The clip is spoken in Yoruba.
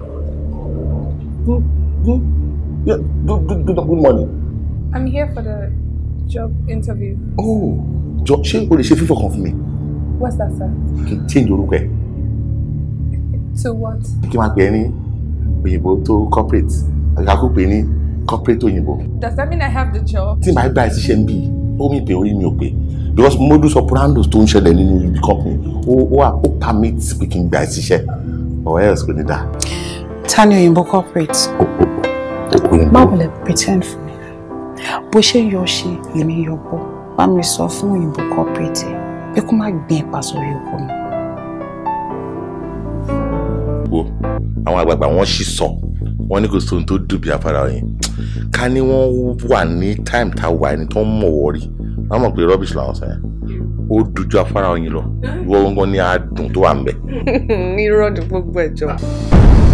Good, good, yeah, good, good, good, good morning. I'm here for the job interview. Oh, job? She, o lè she, fífọ̀ kan fún mi? What's that, sir? Kì í change orúkọ ẹ̀. To what? Kí want to pè é ní òyìnbó corporate, I pè é ní corporate to òyìnbó. Does that mean I have the job? Tí màá gba ìṣiṣẹ́ ń bì í, ó mi pè orí mi ò pè because modus operandi tó ń ṣẹlẹ̀ nínú ibi company ó ó permit speaking kí n gba or else kò need that. Tani Oyinbo corporate. Báwo lè pretend fún mi? Bó ṣe yọ ṣe lèmi yọ bọ́, bá mi sọ fún Oyinbo corporate pé kó má gbin ẹ̀pà sórí oko mi. Gbogbo àwọn àgbààgbà wọn sì sọ, wọ́n ní kò sóhun tó dùn bí afárá yẹn. Ká ní wọ́n wà ní táìmù tá a wà ní tó ń mọ̀ wọ́rí. Wọ́n mọ̀ pé rubbish làwọn sọ yẹn ó dojú afárá oyin lọ ìwọ ní adùn tó wà ń bẹ. ní rọ́ọ̀dù gbogbo ẹ̀jọ̀.